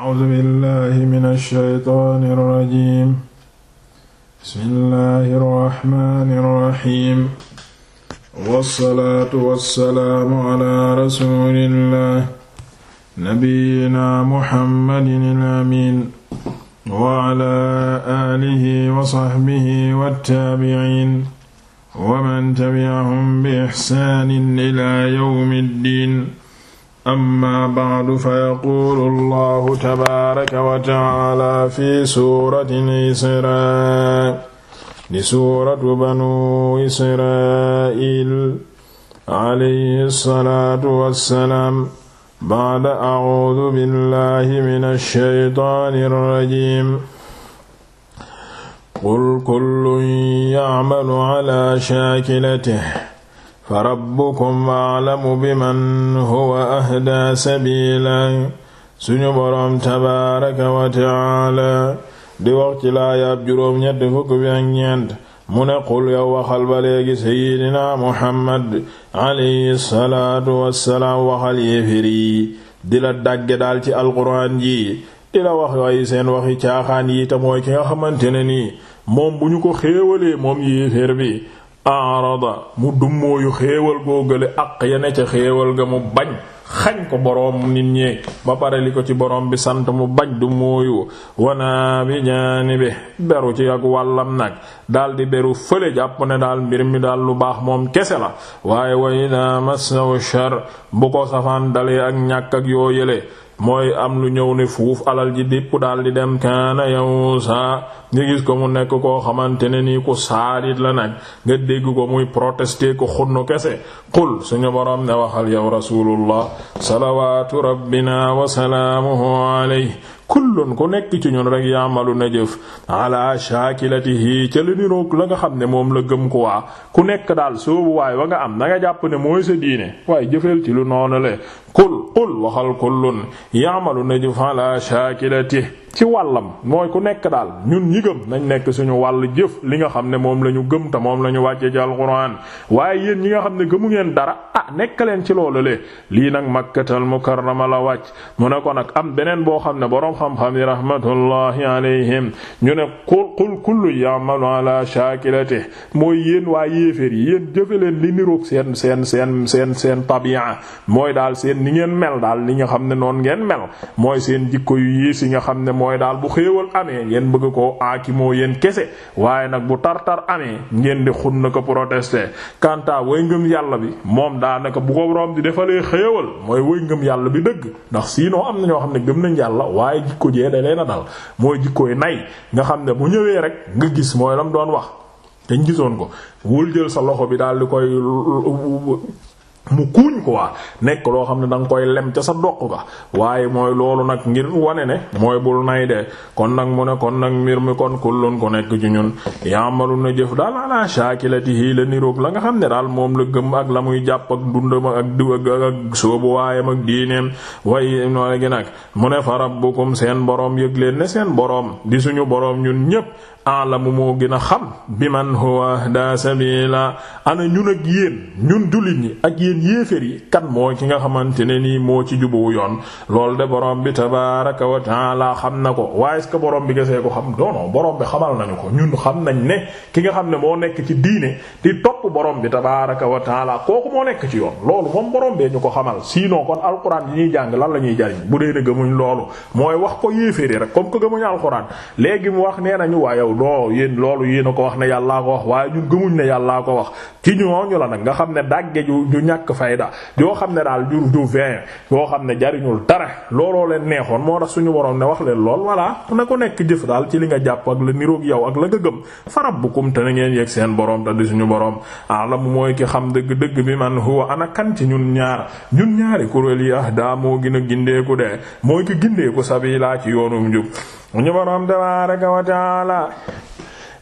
A'uuzu billaahi mina shaytaani rajiim. Bismillaahi rahmaani rahiim. Wassalaatu wassalaamu alaa rasuulillaah. Nabiyyinaa Muhammadinil amiin. Wa alaa aalihi wa sahbihi wattaabi'iin. Wa man tabi'ahum bi ihsaanin ilaa yawmid diin. amma ba'du fa yaquulu allahu tabaaraka wa ta'aala fi suurati Israa di suuratu banu Israa'il alayhi salaatu wassalaam ba'da a'uudu billahi mina shaytaani rajiim qul kullun ya'malu ala shaakilatihi fa rabbukum bi biman huwa ahdaa sabiila suñu boroom tabaaraka wa taala di wax laayaab juróom ñett fukk bi ak ñeent mu ne qul yow waxal ba léegi seydina muhammad waxal yéefér yi di la dàgge daal ci alquraan ji di la wax ay seen waxi caaxaan yi te mooy ki nga xamante ne nii moom bu ñu ko xéewalee moom yéefér bi arada mu dummóoyu xéewal góogale aq ya ne ca xéewal ga mu bañ xañ ko boroom nit ñi ba pare li ko ci boroom bi sant mu bañ dummóoyu wanaa bi jaani bi beru ci ak wàllam nag daldi beru fële jàpp ne daal mbir mi daal lu baax moom kese la waaye wa ida massahu shar bu ko safaan dalee ak ñàkk ak yoo yële mooy am lu ñëw ne fuuf alal ji dépp daal di dem kaana yawsa nga gis ko mu nekk koo xamante ne nii ku saalit la nag nga dégg ko muy protester ko xunnu kese qul suñu boroom ne waxal yow rasulullah salawaatu rabbina wa salaamuhu alayhi kullun ku nekk ci ñun rek yaamalu na jëf ala shaakilatihi ca li niroog la nga xam ne moom la gëm ko waa ku nekk daal soobu waay wa nga am na nga jàpp ne mooy sa diine waaye jëfeel ci lu noonu le kul qul waxal kullun ya'malu najfa ala shaakilati ci wàllam mooy ku nekk daal ñun ñi gëm nañ nekk suñu wàll jëf li nga xam ne moom la ñu gëm te moom la ñu wàccee ci alquran waaye yéen ñi nga xam ne gëmu ngeen dara ah nekk leen ci loolu le lii nag makkatal mukarrama la wàcc mu ne ko nag am beneen boo xam ne boroom xam-xam yi rahmatullahi alayhim ñu ne qul qul kullu ya'malu ala shaakilati mooy yéen waa yéeféer yi yéen jëfe leen li niroog seen seen seen seen seen tabi'a mel daal li nga xam ne noonu ngeen mel mooy seen jikko yu yées yi nga xam ne mooy daal bu xéewal amee ngeen bëgg koo aakimoo yéen kese waaye nag bu tar-tar amee ngeen di xun na ko protester kanta way ngëm yàlla bi moom daanaka bu ko borom di defalee xéewal mooy way ngëm yàlla bi dëgg ndax sinon am na ñoo xam ne gëm nañ yàlla waaye jikko jee da leen a dal mooy jikkoy nay nga xam ne bu ñëwee rek nga gis mooy lam doon wax dañ gisoon ko wul jël sa mu kuuñ ko waa nekk loo xam ne da nga koy lem ca sa doq ga waaye mooy loolu nag ngir wane ne mooy bul nay de kon nag mu ne kon nag mbir mi kon kullun ko nekk ci ñun yaamalu na jëf daal ala shaakilatihi la niroog la nga xam ne daal moom la gëmm ak la muy jàpp ak dundam ak diw ak ak soobu waayam ak diineem waaye noole gi nag mu ne fa rabbukum seen boroom yëg leen ne seen boroom di suñu boroom ñun ñépp alamu moo gën a xam bi man huwa ahda sabila ana ñun ak yéen ñun jullit yi ak yéen yéefér yi kan moo ki nga xamante ne nii moo ci jubuwu yoon loolu de borom bi tabaraka wa laa xam na ko waaye est-ce borom bi gesee ko xam doono borom bi xamal nañu ko ñun xam nañ ne ki nga xam ne moo nekk ci diine di topp borom bi tabaraka wa laa kooku moo nekk ci yoon loolu moom borom bee ñu ko xamal sinon kon alxuraan yi ñuy jàng lan la ñuy jariñ bu dee ne mooy wax ko yéeféer yi rek comme yow non yéen loolu yéen a ko wax ne yàllaa ko wax waaye ñun gëmuñ ne yàllaa ko wax ci ñooñu la nag nga xam ne dàgge ju ju ñàkk fayda yoo xam ne daal ju ju vin yoo xam ne jariñul tara looloo leen neexoon moo tax suñu borom ne wax leen lool voilà na ko nekk jëf daal ci li nga jàpp ak la niroog yow ak la nga gëm farabbukum te na ngeen yegg seen boroom te di suñu borom alam mooy ki xam dëgg dëgg bi man huwa ana kan ci ñun ñaar ñun ñaari kuréel yi ahda moo gën a gindeeku de mooy ki gindeeku sabila ci yoonu njub ñu boroom tabaaraka wa taala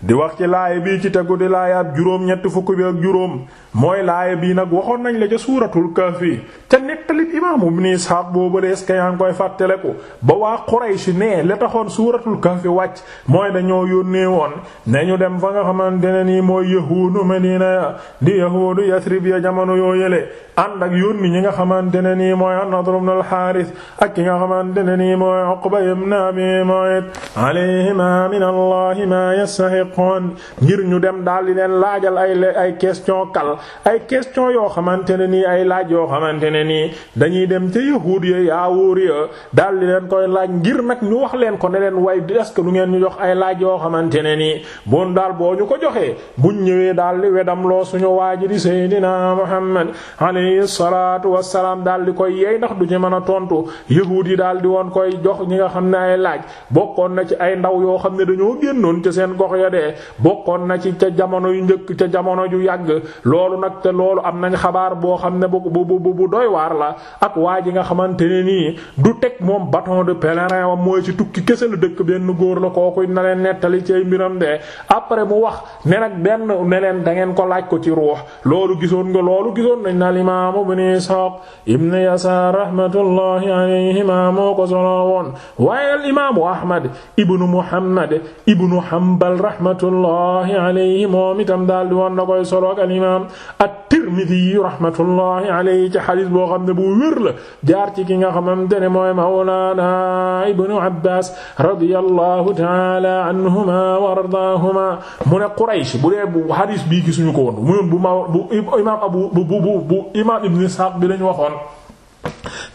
di wax ci laay bii ci tegu di laay ab juróom ñett fukk bi ak juróom mooy laaya bii nag waxoon nañ la ca suuratul kahfi ca nettalit imaam ibn Isxaaq boobu de est-ce que ba waa Quraysh ne la taxoon suuratul kahfi wàcc mooy dañoo yónnee woon ne ñu dem fa nga xamante ne nii mooy yahuudu Madina ya di yahuudu Yasrib ya jamono yoo yële ànd ak yónni ñi nga xamante ne nii mooy an-Nadr ibn al ak ki nga xamante ne nii mooy Uqba ibn Abi Mu'ayt alayhima min Allah ma yastahiqoon ngir ñu dem daal di leen laajal ay ay question kal ay question yoo xamante ne nii ay laaj yoo xamante ne nii dañuy dem ca yahuud ya yaawóor ya daal di leen koy laaj ngir nag ñu wax leen ko ne leen way est-ce que lu ngeen ñu jox ay laaj yoo xamante ne nii bon daal boo ñu ko joxee buñ ñëwee daal di wedam loo suñu waajur waaji di Seydina Muhammad alayhi salaatu wassalaam daal di koy yeey ndax du ci mën a tontu yahuud yi daal di woon koy jox ñi nga xam ne ay laaj bokkoon na ci ay ndaw yoo xam ne dañoo génnoon ca seen gox ya na ci ca jamono yu njëkk ca jamono ju yàgg loolu nag te loolu am nañ xabaar boo xam ne bu bu bu bu doy waar la ak waa ji nga xamante ne nii du teg moom bâton de pèlerin wam mooy ci tukki kese la dëkk benn góor la kooku na leen nettali ci mbiram de après mu wax ne nag benn ne leen da ngeen ko laaj ko ci ruux loolu gisoon nga loolu gisoon nañ na al-imaam ibn Isxaaq ibn Yasaar rahmatullahi alayhima moo ko solo woon waaye al-imaamu Ahmad ibn Muhammad ibn Hanbal rahmatullahi alayhi moom itam daal di woon na koy solo al-imaam at-Tirmidhi rahmatullahi alayhi ci xadis boo xam ne bu wér la jaar ci ki nga xamante ne mooy Mawlana Ibnu Abbas radiyallahu ta'ala anhuma wa ardaahuma mu ne Quraysh bu dee bu xadis bii gisuñu ko woon mu bu ma bu imaam Abu bu bu bu imaam Ibnu Sa'd bi lañu waxoon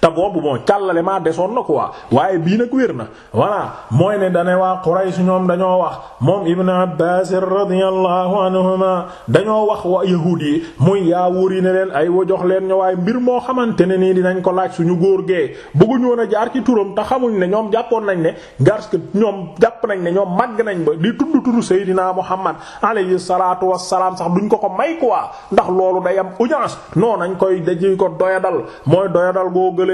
te boobu bon càllale maa desoon na quoi waaye bii nag wér na voilà mooy ne dane waa Quraysh ñoom dañoo wax moom Ibn Abbas radiyallahu anhuma dañoo wax wa yahuud yi muy yaa wóor yi ne leen ay wa jox leen ñu waaye mbir moo xamante ne nii dinañ ko laaj suñu góor gee bëgguñu woon a jaar ci turam te xamuñ ne ñoom jàppoon nañ ne parce que ñoom jàpp nañ ne ñoom màgg nañ ba di tudd turu Seydina Muhammad alayhi salaatu wassalaam sax duñ ko ko may quoi ndax loolu day am audience non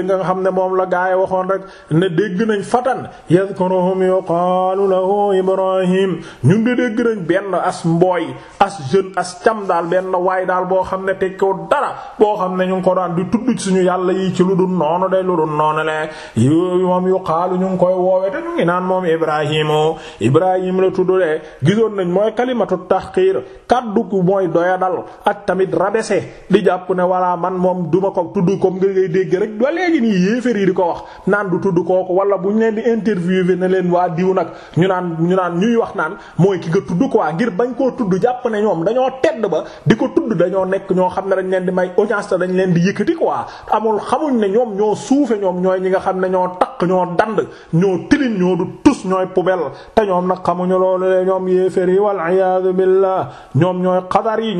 googule nga xam ne moom la gaay waxoon rek ne dégg nañ fatan yadhkuruhum yuqaalu lahu ibrahim ñun de dégg nañ benn as mbooy as jeune as cam daal benn waay daal boo xam ne tekkiwul dara boo xam ne ñu ngi ko daan di tudd suñu yàlla yi ci lu du noonu day lu dul noonu le yu moom yuqaalu ñu ngi koy woowe te ñu ngi naan moom ibrahimu ibrahim la tudd de gisoon nañ mooy kalimatu tahqir kaddu mooy doyadal ak tamit rabaisser di jàpp ne walla man moom duma ko léegi nii yéefér yi di ko wax naan du tudd kooku wala bu ñu leen di interviewé ne leen waa diw nag ñu naan ñuy wax naan mooy ki nga tudd quoi ngir bañ koo tudd jàpp ne ñoom dañoo tedd ba di ko tudd dañoo nekk ñoo xam ne dañ leen di may audience dañ leen di yëkkati quoi amul xamuñ ne ñoom ñoo suufe ñoom ñooy ñi nga xam ne ñoo takk ñoo dand ñoo tilim ñoo du tus ñooy poubelle te ñoom nag xamuñu loolu le ñoom yéefér yi wal iyaadu billah ñoom ñooy xadar yi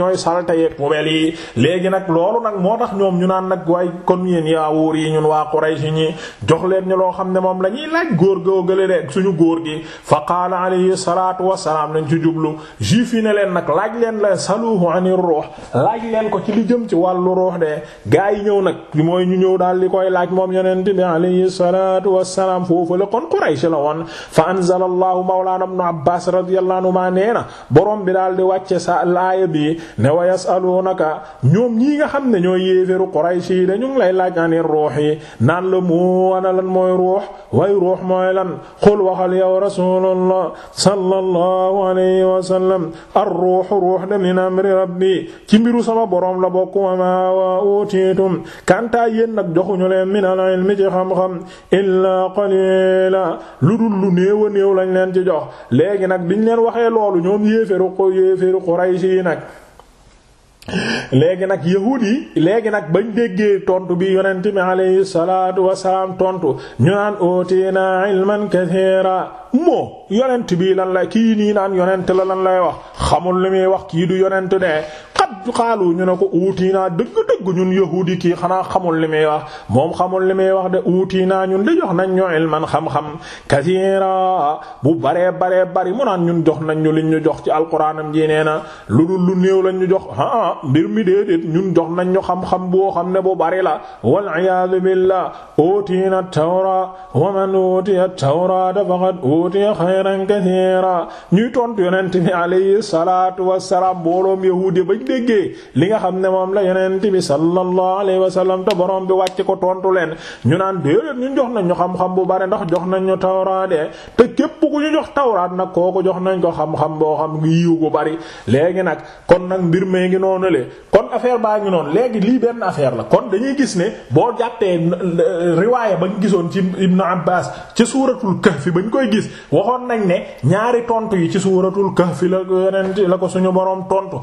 yi poubelle yi léegi nag ñun waa Quraysh ñi jox leen ñu loo xam ne moom la ñuy laaj góor góogale de suñu góor gi fa qaala alayhi salaatu wassalaam nañ ci jublu juif yi ne leen nag laaj leen la saluhu anir ruux laaj leen ko ci li jëm ci wàllu ruux de ga yi ñëw nag mooy ñu ñëw daal di koy laaj moom yonent bi alayhi salaatu wassalaam foofu la kon Quraysh la woon fa anzala allahu mawlaana ibnu abbaas radiyallahu nee na borom bi daal di wàcce sa laaya bi ne wa yasaluunaka ñoom ñi nga xam ne ñooy yéeféru Quraysh yi dañu ngi lay laaj anir ruux yi naan la mu ana lan mooy ruux way ruux mooy lan xul waxal yow rasulullah sallallahu alayhi wa sallam ar-ruuhu ruux de min amri rabbi ci mbiru sama boroom la bokk wa ma wa utiitum kantaa yéen nag joxuñu leen min al-ilmi ci xam-xam illaa qaliila lu dul lu néew a néew lañ leen ci jox léegi nag biñ leen waxee loolu ñoom yéeféru ko yéeféru yi nag léegi nag yahuud yi léegi nag bañ déggee tontu bi yonent bi alayhi salaatu wasalaam tontu ñu naan ootina ilman kathira moo yonent bi lan la kii nii naan yonent la lan lay wax xamul lu muy wax kii du yonent de xat xaalu ñu ne ko uutii naa dëgg-dëgg ñun yahuudi kii xanaa xamul li muy wax moom xamul li muy wax de uutii naa ñun di jox nañ ñu ilman xam-xam kasiira bu baree baree bari mu naan ñun jox nañ ñu liñ ñu jox ci alquraanam ji nee na lu dul lu néew lañ ñu jox ah mbir mi déedéet ñun jox nañ ñu xam-xam boo xam ne bu bari la wal iyaadu billah uutii na tawra wa man uutiya tawraata faqad uutiya xayran kasiira ñuy tontu yonent bi alayhi salaatu wassalaam mbooloom yahuudi bañ déggee li nga xam ne moom la yeneen bi sallallahu alayhi wa sallam te boroom bi wàcc ko tontu leen ñu naan déedéet ñu jox nañ ñu xam-xam bu bari ndax jox nañ ñu tawraat te képp ku ñu jox tawraat nag kooku jox nañ ko xam-xam boo xam ngi yiw bu bari léegi nag kon nag mbir mee ngi noonu le kon affaire baa ngi noonu léegi lii benn affaire la kon dañuy gis ne boo jàttee euh, riwaaya ba ñu gisoon ci Ibnu Abbaas ci suuratul kahfi ba ñu koy gis waxoon nag ne ñaari tontu yi ci suuratul kahfi la yonent la ko suñu borom tontu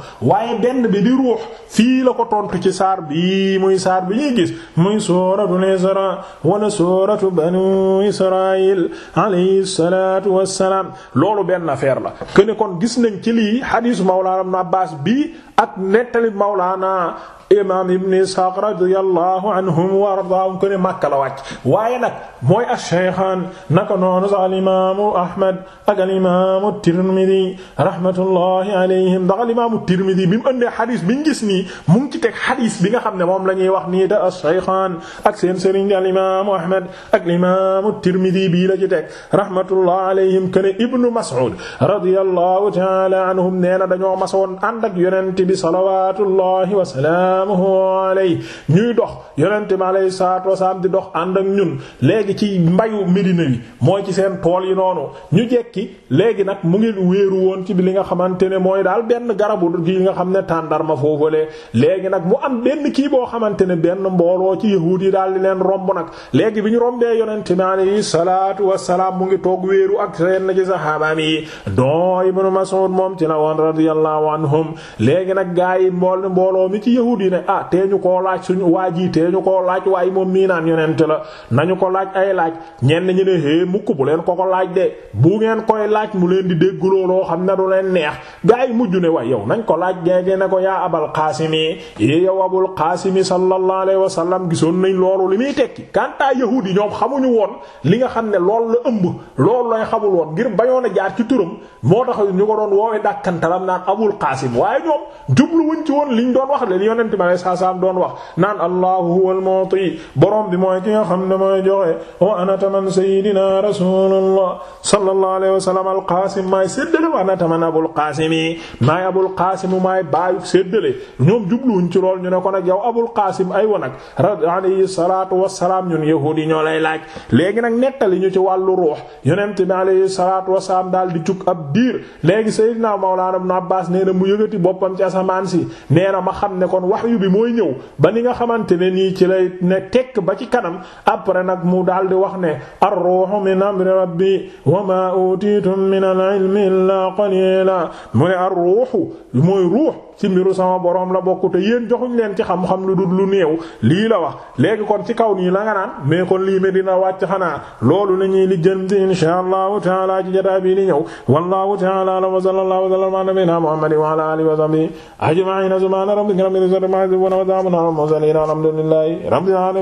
benn bi di ruux fii la ko tontu ci saar bii muy saar bi ñuy gis muy suuratul Isra wala suuratu banu Israil alayhi salaatu wassalaam loolu benn affaire la que ne kon gis nañ ci lii xadiisu Mawlaana bi ak nettali Mawlaana imaam ibn Ishaq radiyallahu anhum wa ardaahum ko ne Makka la wàcc waaye nag mooy ash-shaykhaan naka noonu sax alimaamu Ahmad ak alimaamu Tirmidi rahmatullahi alayhim ndax alimaamu Tirmidi bi mu ëndee xadis bi ñu gis nii mu ngi ci teg xadis bi nga xam ne moom la ñuy wax nii da ash-shaykhaan ak seen sëriñ di alimaamu Ahmad ak alimaamu Tirmidi bii la ci teg rahmatullahi alayhim ko ne Ibnu Mas'ud radiyallahu ta'ala anhum nee na dañoo masoon ànd ak yonent bi salawaatullahi wa salaam salaamuhu alayhi ñuy dox yonente mi alayhi salaatu wasalaam di dox ànd ak ñun léegi ci mbayu Medina yi mooy ci seen tool yi noonu ñu jekki léegi nag mu ngi wéeru woon ci bi li nga xamante ne mooy daal benn garabu gi nga xam ne tàndarma foofalee léegi nag mu am benn kii boo xamante ne benn mbooloo ci yahuud yi daal di leen romb nag léegi bi ñu rombee yonente mi alayhi salaatu wasalaam mu ngi toog wéeru ak seen ci saxaabaam yi don Ibnu Mas'ud moom ci la woon radiyallahu anhum léegi nag gaa yi mi yi ne ah tee ñu ko laaj suñu waa ji tee ñu koo laaj waaye moom mii naan yonent la nañu ko laaj ay laaj ñenn ñi ne hee mukk bu leen ko ko laaj de bu ngeen koy laaj mu leen di déggloo loo xam ne du leen neex gaa yi mujj ne waaye yow nañ ko laaj géegee ne ko yaa abal qaasimi yi eh, yow abul qaasimi sallallahu alayhi wa sallam gisoon nañ loolu li muy tekki kantaa yahuudi ñoom xamuñu woon li nga xam ne loolu la ëmb loolu lañ xamul woon ngir bañoon a jaar ci turam moo tax ko doon woowee dàkkantalam naan abul qaasim waaye yonent ma lay saa saam doon wax naan allahu huwal mu'ti borom bi mooy ki nga xam ne mooy joxe wa ana taman sayyidina rasulullah sallallahu alayhi wa sallam alqaasim maay séddale wa ana taman abul qaasim yi maay abul qaasim maay baayu séddale ci lool ñu ne ko nag yow abul qaasim ay wa nag alayhi salatu wasalaam ñun yahuudi ñoo lay laaj léegi nag nettali ñu ci wàllu ruux yonent bi alayhi salatu wasalaam daal di jug ab diir léegi sayyidina mawlana ibn abbas nee na mu yëgati boppam ci asamaan si nee na ma xam ne kon wax wahyu bi mooy ñëw ba ni nga xamante ne nii ci lay ne tekk ba ci kanam après nag mu dal di wax ne ar-ruhu min amri rabbi wa ma utitum min al-ilmi illa qalila mu ne ar-ruhu mooy ci mbiru sama borom la bokk te yéen joxuñ leen ci xam-xam lu dul lu néew lii la wax léegi kon ci kaw nii la nga naan mais kon lii ma dina wàcc xanaa loolu la ñuy lijjanti insha allahu taala ci jotaay bi di ñëw wallahu taala wa sallallahu wa sallama ala nabina muhammadin wa ala alihi wa sahbihi ajma'in subhana rabbika rabbil izzati amma wa salamun ala al mursalin alhamdulillahi rabbil alamin